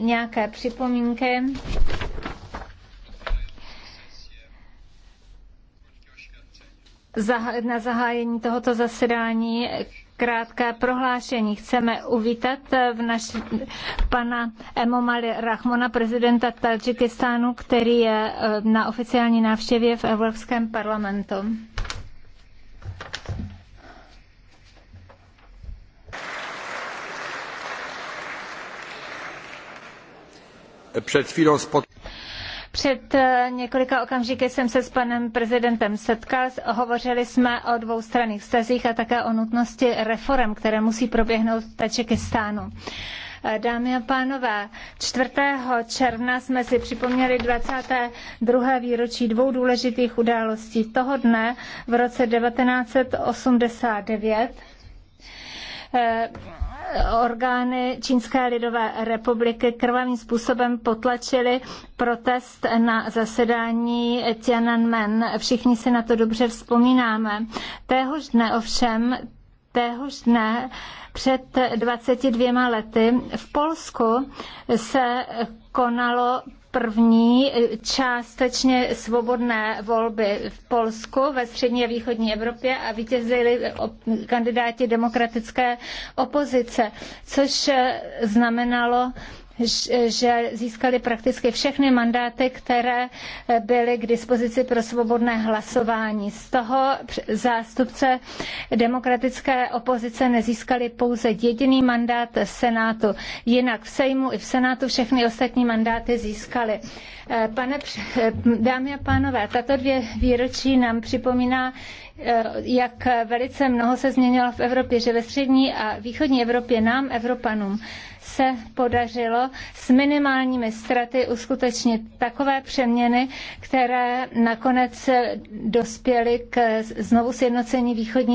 nějaké připomínky? na zahájení tohoto zasedání krátké prohlášení. Chceme uvítat eh, v naš... pana Emomali Rahmona, prezidenta Tadžikistánu, který je eh, na oficiální návštěvě v Evropském parlamentu. Před eh, několika okamžiky jsem se s panem prezidentem setkal. Hovořili jsme o dvoustranných vztazích a také o nutnosti reform, které musí proběhnout v Tačikistánu. Eh, dámy a pánové, 4. června jsme si připomněli 22. výročí dvou důležitých událostí. Toho dne v roce 1989 orgány Čínské lidové republiky krvavým způsobem potlačily protest na zasedání Tiananmen. Všichni si na to dobře vzpomínáme. Téhož dne ovšem téhož dne před 22 lety v Polsku se konalo první částečně svobodné volby v Polsku, ve střední a východní Evropě a vítězili kandidáti demokratické opozice, což znamenalo že získali prakticky všechny mandáty, které byly k dispozici pro svobodné hlasování. Z toho zástupce demokratické opozice nezískali pouze jediný mandát v Senátu. Jinak v Sejmu i v Senátu všechny ostatní mandáty získali. Eh, pane, eh, dámy a pánové, tato dvě výročí nám připomíná, eh, jak velice mnoho se změnilo v Evropě, že ve střední a východní Evropě nám, Evropanům, se podařilo s minimálními straty uskutečnit takové přeměny, které nakonec dospěly k znovu sjednocení východní